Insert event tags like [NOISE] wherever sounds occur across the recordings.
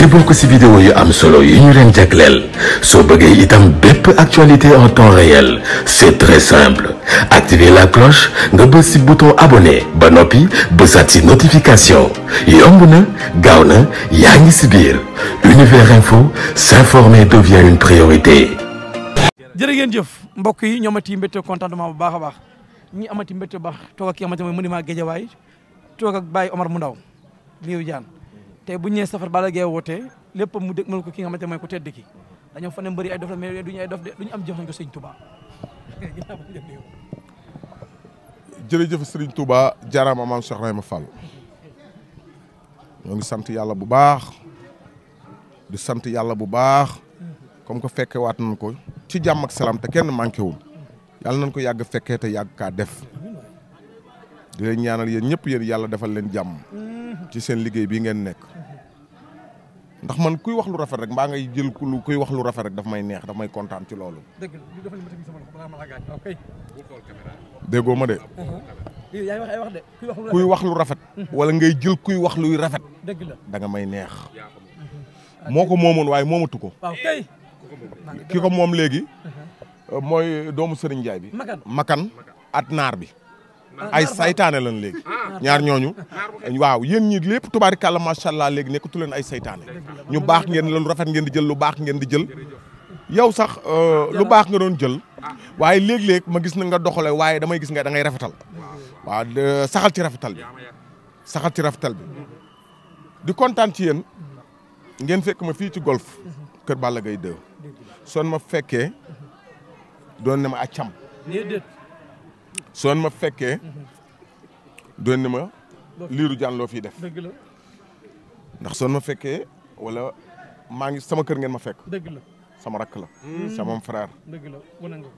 ci bokk si vidéo yu am solo yu ñu leen jagleel soo bëggee tam bépp actualité en temps réel c'est très simple activer la cloche nga bës si bouton abonné ba noppi bësaat si notification yomb na gaaw na yaa ngi si biir univers info s'informer devient une priorité. jërë ngeen jëf mbokk yi ñoo amati mbégte contentement bu baax a baax ñi amati mbégte bu baax toog ak ki amati mooy monument Guédiawaye toog ak Baye Omar mu te bu ñëwee safar bala gee woote lépp mu dégmal ko ki nga xamante mooy ku tedd ki dañoo fa ne mbëri ay dof la mais duñu ay dof de duñu am jox nañ ko sëñ sëriñ tubaa jaaraama maam Cheikh Rahima Fall ñoo ngi sant yàlla bu baax di sant yàlla bu baax comme que fekke waat nañ ko ci jàmm ak salaam te kenn manqué wul yàlla nañ ko yàgg fekkee te yàgg kaa def di leen ñaanal yéen ñëpp yéen yàlla defal leen jàmm ci seen liggéey bi ngeen nekk ndax man kuy wax lu rafet rek mbaa ngay jël kuy wax lu rafet rek daf may neex daf kontaan ci loolu. dëgg déggoo ma de. Uh-huh. yaa ngi wax ay wax lu rafet. Uh-huh. wala ngay jël kuy wax luy rafet. dëgg la da nga may neex. Uh-huh. moo ko moomoon waaye moomatu ko. waaw ki ko moom léegi. mooy doomu sëriñjaay bi. Makan Makan at naar bi. ay saytaane lan léegi ah. ñaar ñooñu waaw yéen ñi lépp tubaarikàlla macha allah léegi nekkatu leen ay saytaane ñu baax ngeen lan rafet ngeen di jël lu baax ngeen di jël yow sax euh, ah, lu baax nga doon jël ah. waaye léeg-léeg ma gis na nga doxole waaye damay gis nga da ngay rafetal waaw saxal ci rafetal bi saxal ci rafetal bi di kontaan ci yéen ngeen fekk ma fii ci golf kër Balla Gaye 2 son ma fekkee doon ne ma accam soon ma fekkee doon na ma liiru jaan loo fiy def ndax soon ma fekkee wala maa ngi sama kër ngeen ma fekk sama rakk la hmm. sama frère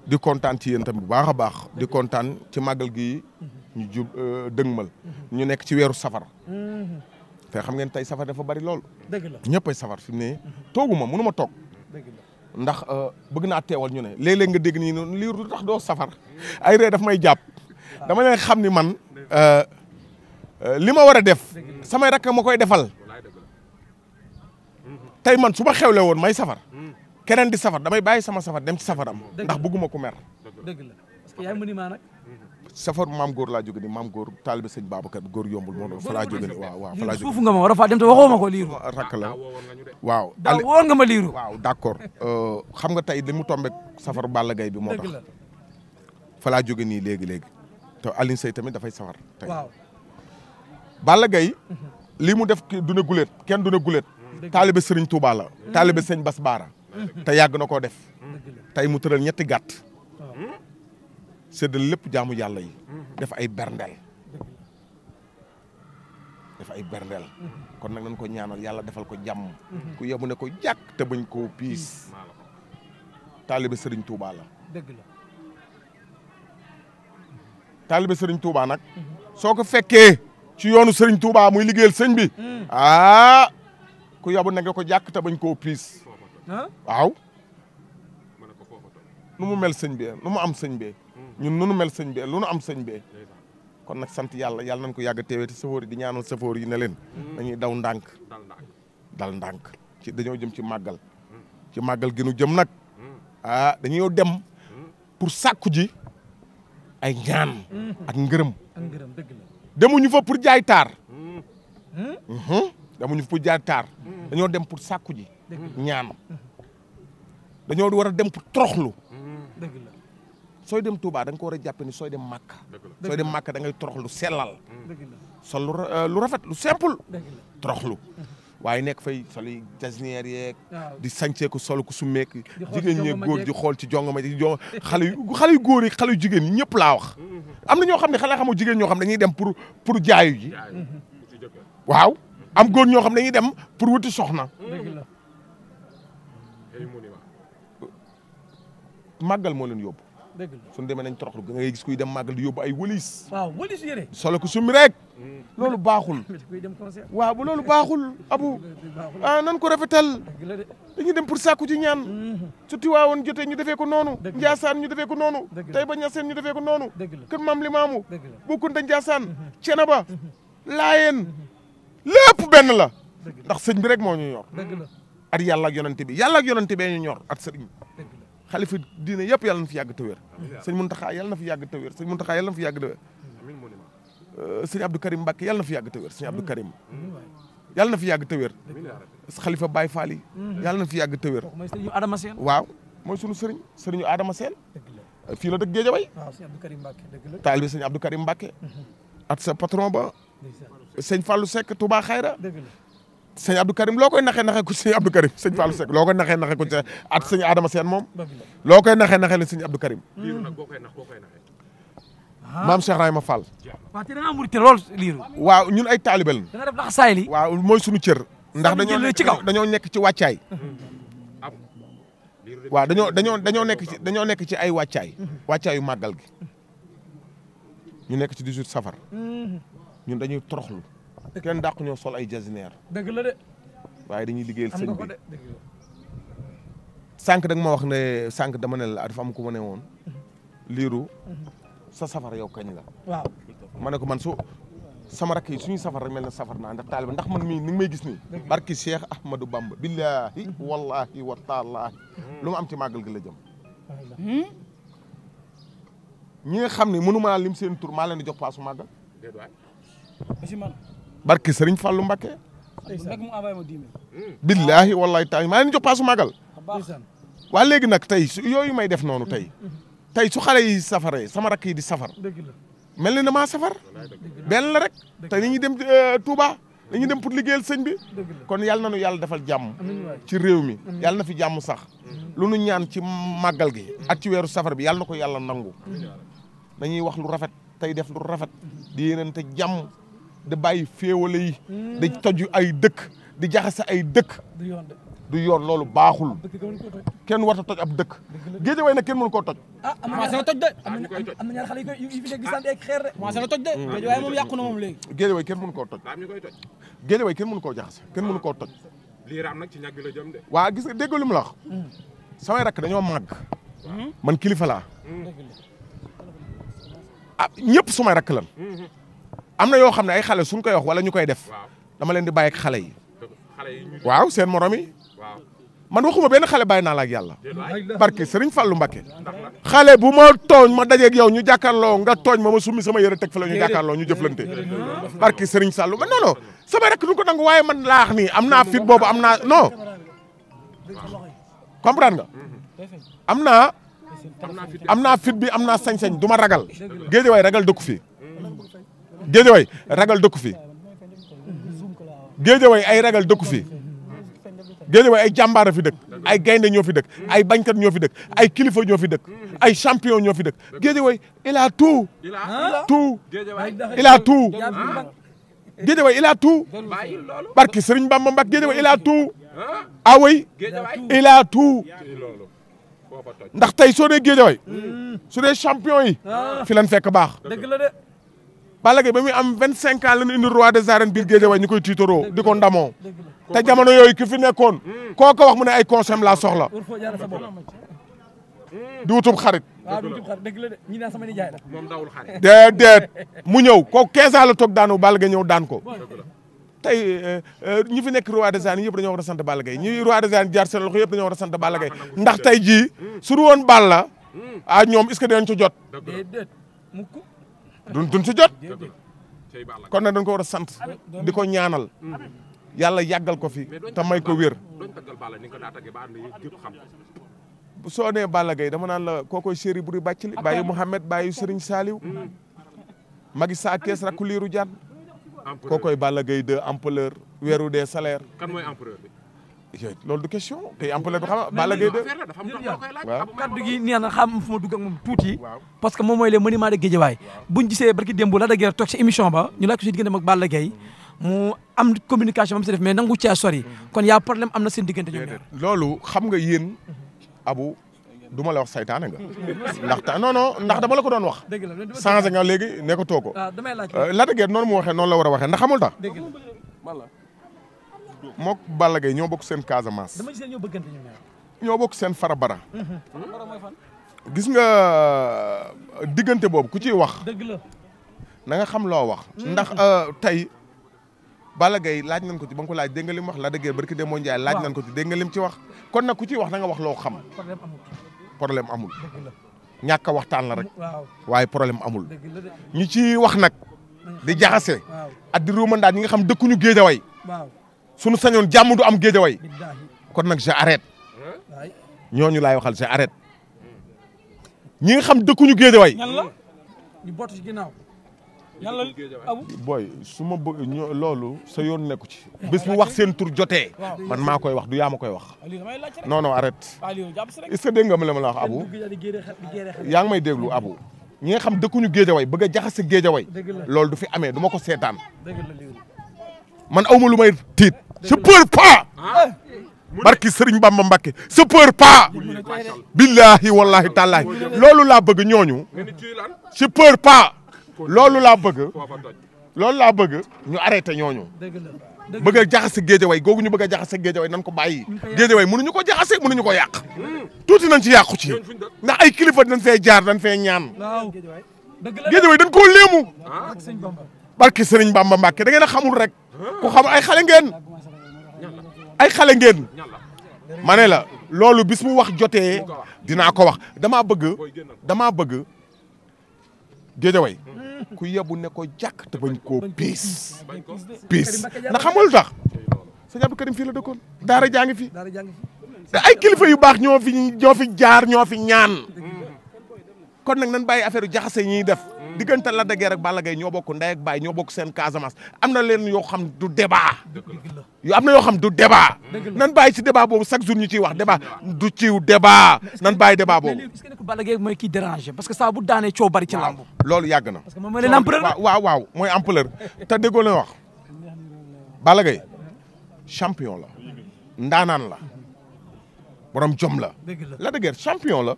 di kontaan ci yéen tam bu baax a baax di kontaan ci màggal gi hmm. ñu jub euh, dëgmal hmm. ñu nekk ci weeru safar te xam ngeen tey safar dafa bari lool ñëpp ay safar fi mu ne toogu ma ma toog ndax euh, bëgg naa teewal ñu ne léeg nga dégg nii noonu lii lu doo safar ay ree daf may jàpp dama leen xam ni man euh, euh, li ma war a def samay rek ma koy defal tey man su ma xewle woon may safar keneen di safar damay bàyyi sama safar dem ci safaram ndax bëgguma ku mer dëgg la parce safar maam góor laa jóge ni maam góor taalibe sëñ Babacar góor yombul moo doon fa laa jóge ni waaw waaw fa laa jóge suuf nga a faa dem te waxoo ma ko waaw da woon waaw euh, xam nga tey li mu tombé safar Balla Gaye bi moo tax fa laa jóge nii léegi léegi te Alioune Seye tamit dafay safar tey Balla Gaye mhm. lii mu def du na guléet kenn du na guléet taalibe sëriñ Touba la taalibe mhm. sëñ Bas Baara mhm. te yàgg na koo def tey mu ñetti gàtt séddal lépp jaamu yàlla yi. def ay berndeel. def ay berndeel. kon nag nañ ko ñaanal yàlla defal ko jàmm. ku yemu ne ko jàkk te bañ koo piis. taalibe sëriñ tuuba la. dëgg la. taalibe sëriñ Touba nag. soo ko fekkee ci yoonu sëriñ Touba muy liggéeyal sëñ bi. ah ku yabu ne nga ko jàkk te bañ koo piis. waaw. nu mu mel sëñ bi nu mu am sëñ bi. ñun nunu mel sëñ bee lu am sëñ bee kon nag sant yàlla yàlla nañ ko yàgg teewee te safoor yi di ñaanal safoor yi ne leen mm. nañuy daw ndànk dal ndànk ci dañoo jëm ci màggal ci màggal ginu jëm nag mm. ah dañoo dem pour sàkku ji ay ñaan ak ngërëm mm. demuñu fa pour jaay taar demuñu fa pour dañoo dem pour sàkku ji ñaan dañoo war a dem pour toroxlu sooy dem Touba da nga ko war a jàpp ni sooy dem Màkka sooy dem Màkka da ngay toroxlu sellal sol euh, lu rafet lu simple toroxlu waaye nekk fay sol yi jasinière di sànceeku sol ku su meek jigéen ñeeg góor xool ci jongama ji jo xale yu xale yu góor yi xale yu jigéen ñi ñëpp laa wax mm-hmm. am na ñoo xam ne xam o jigéen ñoo xam dañuy dem pour pour jaayu ji mm-hmm. waaw am góor ñoo xam ne dañuy dem pour wuti soxna mm-hmm. màggal moo leen yóbbu dëgg la suñu demee nañ toroxlu nga ngay gis kuy dem màggal di yóbbu ay wëlis. waaw wëlis yére. solo ko summi rek. Mm. loolu baaxul. [LAUGHS] waaw bu loolu baaxul abu [LAUGHS] ah nan ko rafetal. dañuy dem pour sàkku ci ñaan. Mm-hmm. su Tiwaawoon jotee ñu defee ko noonu. Njaasaan ñu defee ko noonu. tey ba Ñaseen ñu defee ko noonu. kër maam Limaamu. dëgg la Bokkunta Njaasaan. Mm-hmm. Cenaba mm-hmm. Laayeen lépp benn la. ndax sëñ bi rek moo ñu ñor. at yàlla ak yonante bi yàlla ak yonante ñu ñor at sëriñ xalifa diine yëpp yàlla na fi yàgg te wér sëñ Muntaxa yàlla na fi yàgg te wér sëñ Muntaxa fi yàgg te wér sëñ Abdou Karim Mbacke yàlla na fi yàgg te wér euh, sëñ Abdou Karim yàlla na fi yàgg te wér xalifa Baye Fall yi yàlla na fi yàgg te wér mhm. waaw mooy sunu sëriñ sëriñu Adama Seen fii la dëkk Géejawaay taalibe sëñ Abdou Karim Mbacke mhm. ak sa patron ba sëñ Fallou Seck Touba Xayra sëñ Abdou Karim loo koy naxee naxee ko sëñ Abdou Karim sëñ Fallou Seck looko koy naxee naxee ko sëñ at sëñ Adama seen moom loo koy naxee naxee la sëñ Abdou Karim ah. maam Cheikh Rahima Fall waaw te da ngaa murite lool liiru waaw ñun ay taalibe lañ da li waaw mooy suñu cër ndax dañoo ci dañoo nekk ci wàccaay mm-hmm. waaw dañoo dañoo dañoo nekk ci dañoo nekk ci ay wàccaay mm-hmm. wàccaayu màggal gi mm-hmm. ñu nekk ci 18 safar ñun dañuy toroxlu kenn dàq ñoo sol ay jasineer dëgg la de. waaye dañuy liggéeyal sëñ bi sànq da nga ma wax ne sànq dama ne la dafa am ku ma ne woon. liiru sa safar yow kañ la. waaw ne ko man su sama rakk yi suñu safar rek mel na safar naa ndax taaliba ndax man mii ni nga may gis nii. barki Cheikh Ahmadou Bamba. billaahi wallaahi wa taalaahi. lu ma am ci màggal gi la jëm. ñi xam ne mënu ma lim seen tur maa leen di jox paasu màggal. barki Serigne Fallou Mbacké. billaahi wallahi taala maa leen jox paasu màggal. waa léegi nag tey su yooyu may def noonu tey. tey su xale yi safaree sama rakk yi di safar. mel ni maa safar. benn rek te ni ñuy dem euh, Touba. dañuy dem pour liggéeyal sëñ bi kon yàlla na nu yàlla defal jàmm ci réew mi yàlla na fi jàmm sax lu nu ñaan ci màggal gi ak ci weeru safar bi yàlla na ko yàlla nangu nañuy wax lu rafet tey def lu rafet di yéenante jàmm da bàyyi féewale yi. di toj ay dëkk di jaxase ay dëkk. du yoon loolu baaxul. kenn war a toj ab dëkk. Guédiawaye nag kenn mënu koo toj. ah am na toj de. am na ñaar xale yu fi nekk sant na toj de. Hmm. Guédiawaye moom yàqu na moom léegi. Guédiawaye kenn mënu koo toj. Guédiawaye kenn mënu koo jaxase kenn mënu koo toj. lii raam nag ñàgg la jëm waa gis nga dégg mu la wax. Hmm. samay rakk dañoo màgg. Hmm. man kilifa laa. ah ñëpp sumay rakk lan. am na yoo xam ne ay xale suñ koy wax wala ñu koy def dama leen di bàyyi ak xale yi waaw seen morom yi man waxuma benn xale bàyyi naa la ak yàlla barke Sëriñ Fàllu Mbakke xale bu ma tooñ ma dajeeg yow ñu jàkkaarloo nga tooñ ma ma summi sama yëre teg fa la ñu jàkkaarloo ñu jëflante barke Sëriñ Sàllu ma non non sama rek duñ ko nangu waaye man laax nii am naa fit boobu am naa non comprendre nga am naa am naa fit bi am naa sañ-sañ du ma ragal géej waay ragal dëkku fii mm. géejawaay ragal dëkku fi géejawaay ay ragal dëkku fi géejawaay ay jàmbaar a fi dëkk ay gaynde ñoo fi dëkk ay bañkat ñoo fi dëkk ay kilifa ñoo fi dëkk ay champion ñoo fi dëkk géejawaay il a tout tout il a tout géejawaay il a tout barki Sëriñ Bamba Mbak géejawaay il a tout ah away tey soo dee géejawaay su dee champion yi ah. fi fekk baax Balla Gaye ba muy am vingt cinq ans la ñu indi roi des arènes biir géejawaay ñu koy tiitaroo di ko ndamoo te jamono yooyu ki fi nekkoon hmm. koo ko wax mu ne ay conseil laa soxla hmm. di wutub ah, xarit déedéet mu ñëw ko quinze ans la toog daanu Balla ñëw daan ko tey euh, euh, ñi fi nekk roi des arènes yëpp dañoo war a sant Balla Gaye ñi roi des arènes jaar seen loxo yëpp dañoo war a sant Balla Gaye ndax tey jii hmm. su woon Balla ah ñoom est-ce que jot duñ duñ si jot kon na dañ ko war a sant di ko ñaanal yàlla yàggal ko fi te may ko wér soo nee Balla Gaye dama naan la koy chéri buri bàcc li bàyyi Mouhamed bàyyi Serigne Saliou mm. magi saa kees rakku liiru jaan koy Balla Gaye de empereur weeru des salaires kan mooy empereur bi loolu du question te am peut-être xam Balla Gaye kaddu gi neex na xam fu ma dugg ak moom tuuti parce que moom mooy les monuments de Guédiawaye buñ gisee barki démb la da guerre toog ci émission ba ñu laaj ko ci diggante ak Balla mm-hmm. am communication ba mu si def mm-hmm. ñoom ñaar loolu xam nga yéen abu du la wax saytaane nga ndax ndax dama la ko doon wax changé nga léegi ne ko ko la da guerre noonu mu waxee noonu la war a waxee ndax xamul tax mook Balla Gaye ñoo bokk seen Casamance. dama gisee ñoo bëggante ñu ñaar. ñoo bokk seen farabara. Mhm. farabara gis nga euh, diggante boobu ku ci wax. dëgg la na nga xam loo wax. Mhm. ndax euh, tey Balla Gaye laaj nañ ko ci ba laaj dégg wax la dëggee barki Demba Ndiaye laaj nañ ko ci dégg nga lim ci wax. kon nag ku ciy wax na nga wax loo xam. problème amul problème amul. ñàkk waxtaan la rek. waaye problème amul. ñi ci wax nag. di jaxase. at di ñi nga xam dëkkuñu géejaway. waaw sunu sañoon jàmm du am géejawaay kon nag j'arrête ñooñu laay waxal j'arrête ñi nga xam dëkkuñu géejawaay. ñan la ñu ci ginnaaw. ñan la booy su ma bëgg loolu sa yoon nekku ci. bis bu wax seen tur jotee. man maa koy wax du yaa ma koy wax. non non arrête. est-ce que dégg nga ma la ma la wax Abu. yaa ngi may déglu Abu. ñi nga xam dëkkuñu géejawaay bëgg a jaxase géejawaay. loolu du fi amee du ma ko seetaan. man awma lu may tiit. je peur pas barki Serigne Bamba Mbakke je peur pas billahi wallahi tallahi loolu laa bëgg ñooñu je peur pa loolu laa bëgg loolu laa bëgg ñu arrêté ñooñu bëgg a jaxase géejaway googu ñu bëgg a jaxase géejaway nan ko bàyyi géejaway mënuñu ko jaxase ñu ko yàq tuuti nañ ci yàqu ci ndax ay kilifa dañ fee jaar dañ fee ñaan géejaway dañ koo léemu barki Serigne Bamba Mbakke da ngeen a xamul rek ku xam ay xale ngeen ay xale ngeen ma ne la loolu bis mu wax jotee dinaa ko wax damaa bëgg damaa bëgg Géejawaay ku yebu ne ko jàkk te bañ koo piis piis na xamul tax sëñ Abdou Karim fii la dëkkoon daara jaa ngi fi te ay kilifa yu baax ñoo fi ñoo fi jaar ñoo fi ñaan kon nag nan bàyyi affaire yu jaxase ñuy def diggante Lac la Guiers ak Balla Gaye ñoo bokk baay ñoo bokk seen Casamance am na leen yoo xam du débat yu am na yoo xam du débat nan bàyyi ci débat boobu chaque jour ñu ciy wax débat du ciw débat nan bàyyi débat boobu est-ce que Balla Gaye mooy kii déranger parce que saa bu daanee coow bari ci lamb loolu yàgg na parce mooy leen ampleur waaw waaw mooy ampleur te la wax Balla Gaye la ndaanaan la borom jom la Lac de Guiers champion la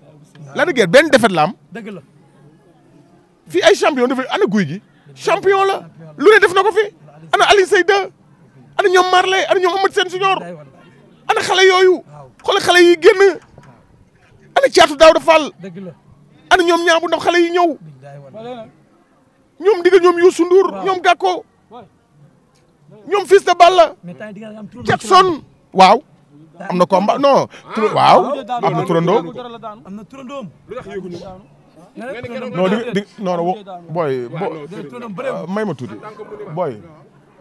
Lac de Guiers benn defet la la fii ay champion dafa ana guy gi champion la lu ne def na ko fi ana Alioune Seye 2 ana ñoom Marley ana ñoom Amadou Sène Junior xale yooyu xoolal xale yi génn ana caatu Daouda Fall ana ñoom ñaabu ndax xale yi ñëw ñoom digal ñoom Youssou Ndour ñoom Gakko ñoom fils de Balla Jackson waaw am na combat non waaw am na turandoo non di booy may ma tuuti booy.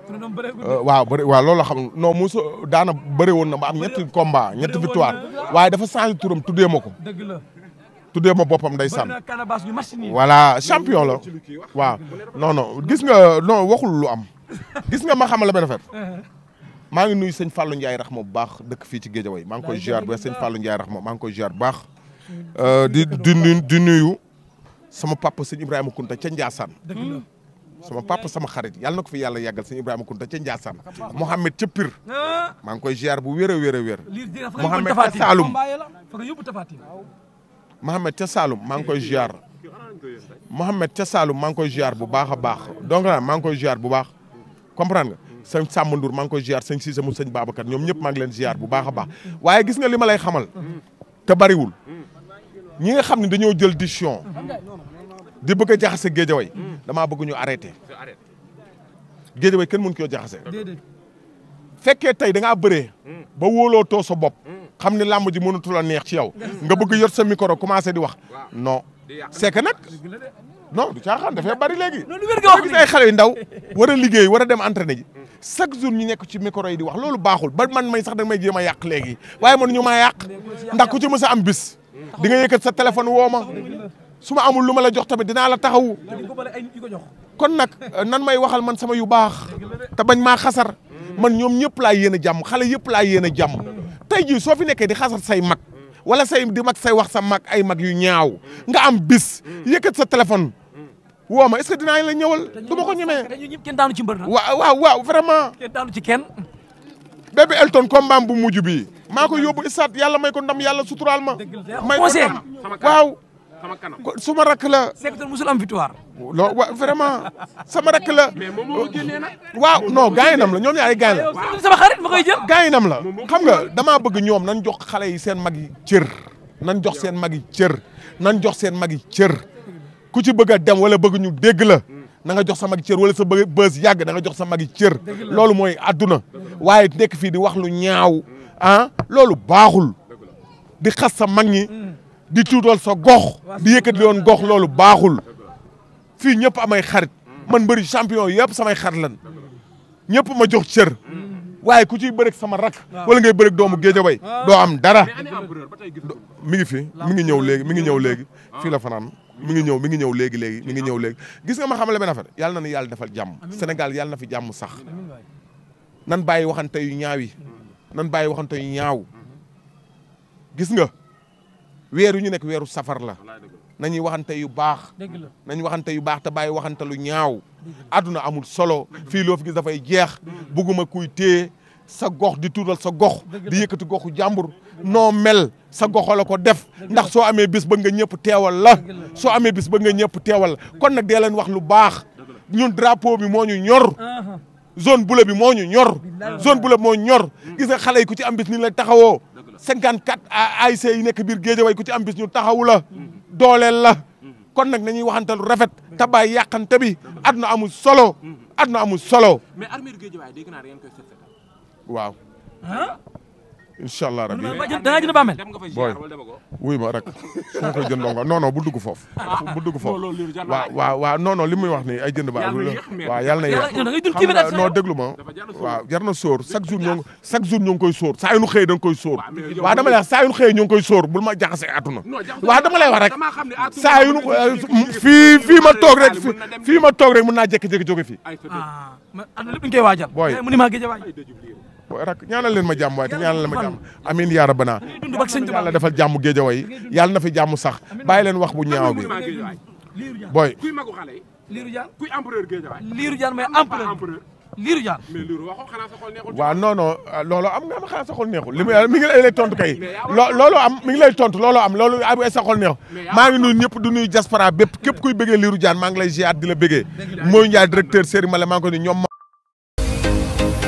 Euh, waaw bëri waa loolu la xam non Moussa daana bëri woon na ba am ñetti combat ñetti victoire waaye dafa changé turam tuddee ma ko. tuddee ma boppam day sànn voilà champion la waaw non non gis nga non waxul lu am gis nga ma xamal la benn affaire uh-huh. maa ngi nuyu sëñ Fallou Ndiaye raxma bu baax dëkk fii ci Guédiawaye maa ngi koy ziar bu baax sëñ Fallou Ndiaye raxma maa ngi koy ziar bu baax euh, di di di nuyu sama papa sëñ Ibrahima Kunta ca Ndiassane sama papa sama xarit yàlla na ko fi yàlla yàggal sëñ Ibrahima Kunta ca Ndiassane Mouhamed ca Pire ah. maa ngi koy ziar bu wér a wér a wér Mouhamed ca Saloum Mouhamed ca maa ngi koy ziar Mouhamed ca Saloum maa ngi koy ziar bu baax a baax donc nag maa ngi koy ziar bu baax comprendre nga sëñ Samba Ndour koy ziar sëñ Cissé mu sëñ Babacar ñoom ñëpp maa ngi leen ziar bu baaxa baax waaye gis nga li ma lay xamal te bariwul ñi nga xam ne dañoo jël décision di bëgg a jaxase géejaway hmm. damaa bëgg ñu arrêté géejaway kenn mën koo jaxase fekkee tey dangaa bëre bëree hmm. ba wóolootoo sa bopp hmm. xam ni làmb ji mënatu la neex ci yow nga bëgg yor sa micro commencé di wax non c'est que nag non du caaxaan dafay bari léegi gis ay xale ndaw [LAUGHS] war a liggéey war a dem entraîné ji chaque jour ñu nekk ci micro yi di wax loolu baaxul ba man may sax dañ may jéem a yàq léegi waaye man ñu maa yàq ndax ku ci mës a am di nga yëkkat sa téléphone woo ma su ma amul lu ma la jox tamit dinaa la taxawu kon nag euh, nan may waxal man sama yu baax te bañ maa xasar man ñoom ñëpp laa yéen a jàmm xale yëpp laa yéen a tey jii soo fi nekkee di xasar say mag wala say di mag say wax sa mag ay mag yu ñaaw nga am bis yëkkat sa téléphone woo ma est-ce que la ñëwal du ma ko ñemee kenn daanu ci mbër waaw waaw waaw vraiment kenn daanu ci kenn bébé Elton combat bu mujj bii maa ko yóbbu stade yàlla may ko ndam yàlla suturaal ma. may ko ndam waaw. sama kanam su ma rakk la. Sékou musul am victoire. loo wa vraiment sama rakk la. mais moom moo génnee nag. waaw non la ñoom ñaar ay gayn la. sama xarit ma koy jël. gaynam la xam nga damaa bëgg ñoom nan jox xale yi seen mag yi cër. nan jox seen mag yi cër. nan jox seen mag yi cër. ku ci bëgg a dem wala bëgg ñu dégg la. na nga jox sa mag cër wala sa bë bës yàgg na nga jox sa mag yi loolu mooy àdduna. waaye nekk fii di wax lu ñaaw. ah loolu baaxul di xas sa mag ñi di tuutal sa gox di yëkkati woon gox loolu baaxul fii ñëpp amay xarit man bëri champion yëpp samay xarit lan ñëpp ma jox cër waaye ku ciy bërëg sama rak wala ngay bërëg doomu Géejawaay ah. doo am dara mi ngi fi mi ngi ñëw léegi mi ngi ñëw léegi ah. fii la fanaan mi ngi ñëw mi ngi ñëw léegi léegi mi ngi ñëw léegi gis nga ma xamale benn affaire yàlla na ni yàlla defal jàmm Sénégal yàlla na fi jàmm sax nan bàyyi waxante yu ñaaw nan bàyyi waxante yu ñaaw gis nga weer yu ñu nekk weeru safar la nañuy waxante yu baax nañ waxante yu baax te bàyyi waxante lu ñaaw àdduna amul solo fii loo fi gis dafay jeex bugguma kuy téye sa gox di tuural sa gox di yëkkati goxu jàmbur noo mel sa goxo ko def ndax soo amee bis ba nga ñëpp teewal la soo amee bis ba nga ñëpp teewal kon nag dee leen wax lu baax ñun drapeau bi moo ñu ñor uh-huh. zone bula bi moo ñu ñor. zone bula bi moo ñor. gis nga yi ku ci am bis ni la taxawoo. 54 ASC yi nekk biir Géejawaay ku ci am bis ñu la. dooleel la. kon nag nañuy waxantal rafet. tabaay yàqante bi. àdduna amul solo. na amul solo. mais armée du Géejawaay dégg naa da ngeen koy waaw. incha allah rabi dangaa jënd bàmmeel booy wuy ma rek su ma koy jëndoo nga non non bu dugg foofu bu dugg foofu waaw waaw waaw non li muy wax nii ay jënd ba waaw yàlla na yéex non déglu ma waaw jar na sóor chaque jour ñoo chaque jour ñoo ngi koy sóor saa yu nu xëyee da nga koy sóor waaw dama lay wax saa yu nu xëyee ñoo ngi koy sóor bul ma jaxase àdduna waaw dama lay wax rek saa fii fii ma toog rek fii ma toog rek mën naa jékki-jékki jóge fii rak ñaanal leen ma jàmm waaye te ñaanal leen ma jàmm amiin yaa rabbana yàlla defal jàmm géejawaay yàlla na fi jàmm sax bàyyi leen wax bu ñaaw bi booy liiru jaan kuy empereur géejawaay liiru jaan mais empereur liiru jaan mais ah, am nga am xanaa li ah. mi ngi lay tontu kay loolu am mi ngi lay tontu am loolu am sa xol neexul maa ngi nuyu ñëpp du nuyu diaspora bépp képp kuy bëggee liiru jaan maa ngi lay ziar di la bëggee mooy Ndiaye directeur Serigne Mala maa ngi ko ñoom